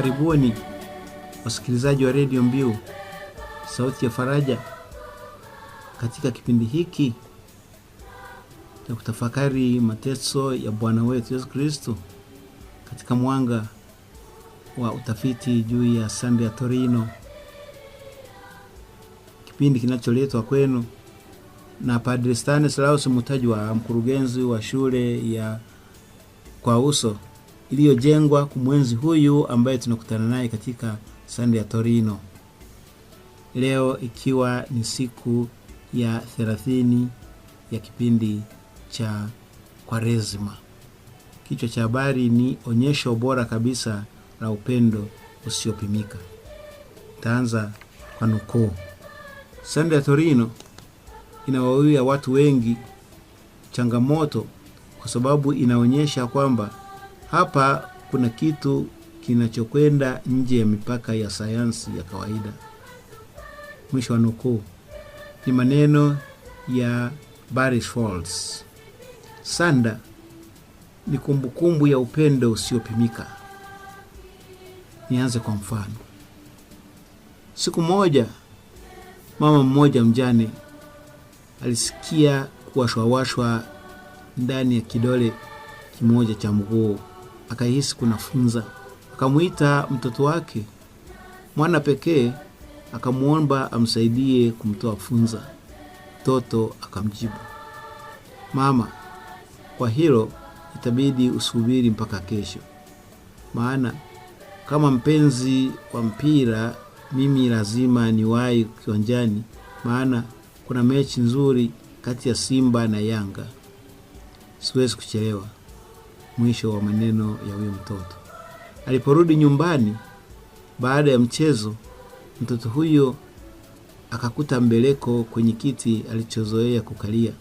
Karibuni wasikilizaji wa redio Mbiu sauti ya Faraja, katika kipindi hiki cha kutafakari mateso ya Bwana wetu Yesu Kristo katika mwanga wa utafiti juu ya sande ya Torino, kipindi kinacholetwa kwenu na Padre Stanislaus Mutaji wa mkurugenzi wa shule ya kwa uso iliyojengwa kumwenzi huyu ambaye tunakutana naye katika sande ya Torino leo, ikiwa ni siku ya 30 ya kipindi cha Kwaresima. Kichwa cha habari ni onyesho bora kabisa la upendo usiopimika. Taanza kwa nukuu. sande ya Torino inawawia watu wengi changamoto kwa sababu inaonyesha kwamba hapa kuna kitu kinachokwenda nje ya mipaka ya sayansi ya kawaida. Mwisho wa nukuu. Ni maneno ya Barry Falls. Sanda ni kumbukumbu ya upendo usiopimika. Nianze kwa mfano. Siku moja mama mmoja mjane alisikia kuwashwawashwa ndani ya kidole kimoja cha mguu akahisi kunafunza. Akamwita mtoto wake mwana pekee, akamwomba amsaidie kumtoa funza. Mtoto akamjibu, mama, kwa hilo itabidi usubiri mpaka kesho, maana kama mpenzi wa mpira mimi lazima niwahi kiwanjani, maana kuna mechi nzuri kati ya Simba na Yanga, siwezi kuchelewa mwisho wa maneno ya huyo mtoto. Aliporudi nyumbani baada ya mchezo, mtoto huyo akakuta mbeleko kwenye kiti alichozoea kukalia.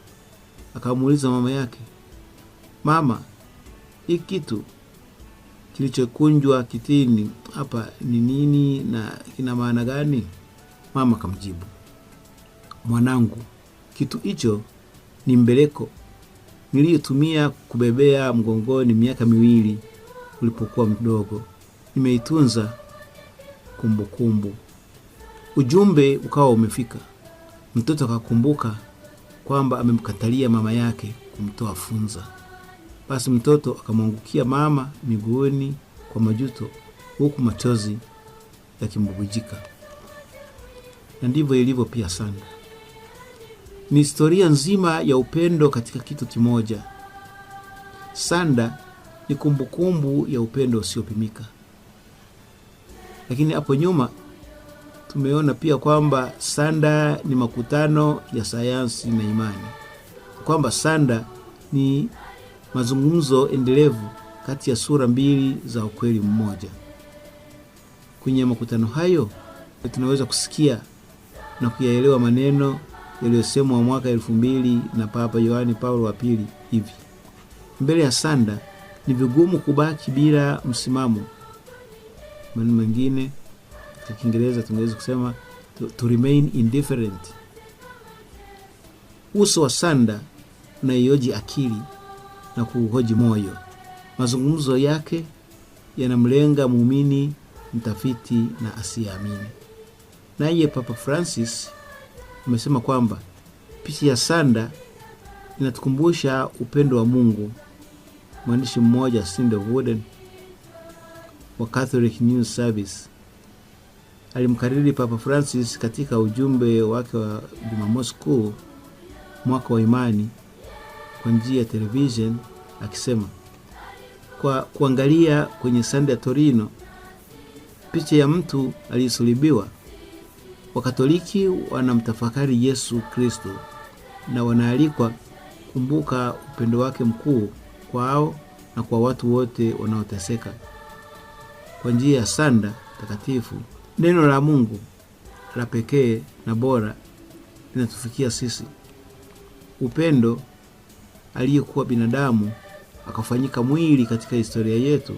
Akamuuliza mama yake, mama, hii kitu kilichokunjwa kitini hapa ni nini na kina maana gani? Mama akamjibu, mwanangu, kitu hicho ni mbeleko niliyotumia kubebea mgongoni miaka miwili ulipokuwa mdogo. Nimeitunza kumbukumbu. Ujumbe ukawa umefika, mtoto akakumbuka kwamba amemkatalia mama yake kumtoa funza. Basi mtoto akamwangukia mama miguuni kwa majuto, huku machozi yakimbubujika. Na ndivyo ilivyo pia sana ni historia nzima ya upendo katika kitu kimoja. Sanda ni kumbukumbu kumbu ya upendo usiopimika. Lakini hapo nyuma tumeona pia kwamba sanda ni makutano ya sayansi na imani, kwamba sanda ni mazungumzo endelevu kati ya sura mbili za ukweli mmoja. Kwenye makutano hayo tunaweza kusikia na kuyaelewa maneno yaliyosemwa mwaka elfu mbili na Papa yohani Paulo wa pili hivi: mbele ya sanda ni vigumu kubaki bila msimamo. Maneno mengine kwa Kiingereza tungeweza kusema to, to remain indifferent. Uso wa sanda unaioji akili na kuuhoji moyo. Mazungumzo yake yanamlenga muumini, mtafiti na asiyeamini. Naye Papa Francis amesema kwamba picha ya sanda inatukumbusha upendo wa Mungu. Mwandishi mmoja Cindy Wooden wa Catholic News Service alimkariri Papa Francis katika ujumbe wake wa Jumamosi Kuu, mwaka wa imani, kwa njia ya television akisema, kwa kuangalia kwenye sanda ya Torino, picha ya mtu aliyesulubiwa Wakatoliki wanamtafakari Yesu Kristo na wanaalikwa kumbuka upendo wake mkuu kwao na kwa watu wote wanaoteseka. Kwa njia ya sanda takatifu, neno la Mungu la pekee na bora linatufikia sisi. Upendo aliyekuwa binadamu akafanyika mwili katika historia yetu.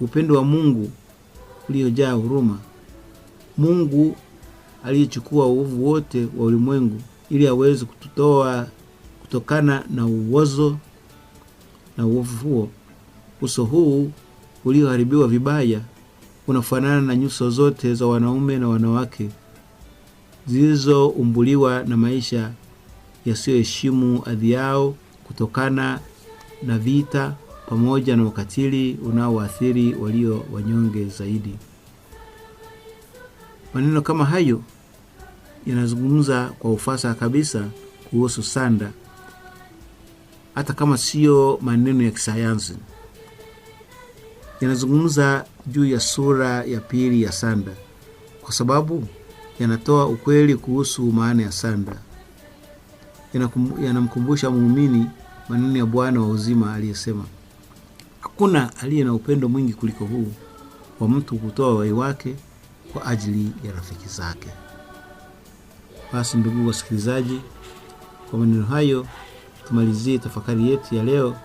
Upendo wa Mungu uliojaa huruma. Mungu aliyechukua uovu wote wa ulimwengu ili aweze kututoa kutokana na uozo na uovu huo. Uso huu ulioharibiwa vibaya unafanana na nyuso zote za wanaume na wanawake zilizoumbuliwa na maisha yasiyoheshimu adhi yao kutokana na vita pamoja na ukatili unaowaathiri walio wanyonge zaidi. Maneno kama hayo yanazungumza kwa ufasaha kabisa kuhusu sanda, hata kama siyo maneno ya kisayansi. Yanazungumza juu ya sura ya pili ya sanda, kwa sababu yanatoa ukweli kuhusu maana ya sanda. Yanamkumbusha muumini maneno ya Bwana wa uzima aliyesema, hakuna aliye na upendo mwingi kuliko huu wa mtu kutoa wai wake kwa ajili ya rafiki zake. Basi ndugu wasikilizaji, kwa maneno hayo tumalizie tafakari yetu ya leo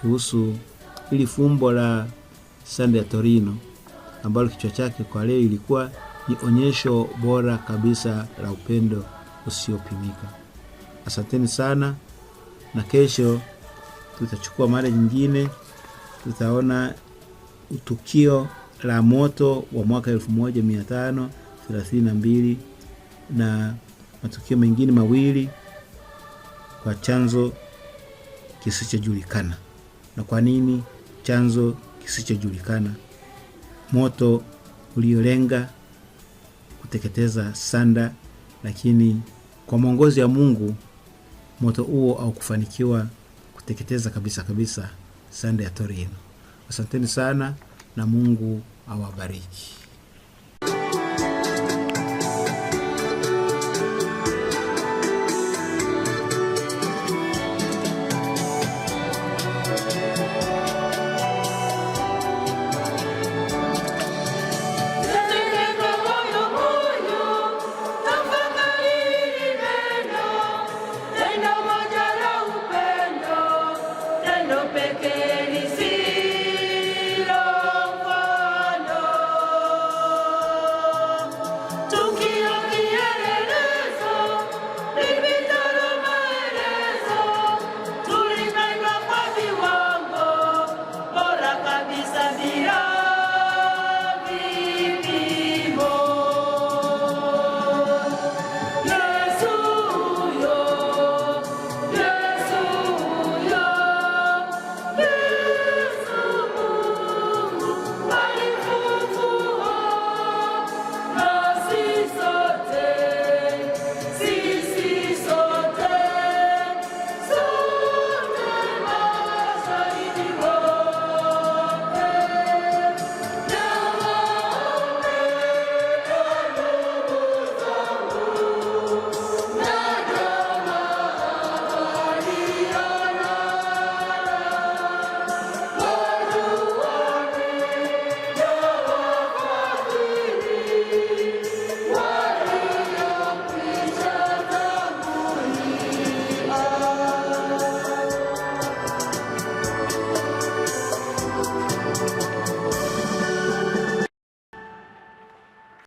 kuhusu ili fumbo la sanda ya Torino ambalo kichwa chake kwa leo ilikuwa ni onyesho bora kabisa la upendo usiopimika. Asanteni sana, na kesho tutachukua mara nyingine, tutaona utukio la moto wa mwaka 1532 na matukio mengine mawili kwa chanzo kisichojulikana. Na kwa nini chanzo kisichojulikana? Moto uliolenga kuteketeza sanda, lakini kwa mwongozi wa Mungu moto huo haukufanikiwa kuteketeza kabisa kabisa sanda ya Torino. Asanteni sana na Mungu awabariki.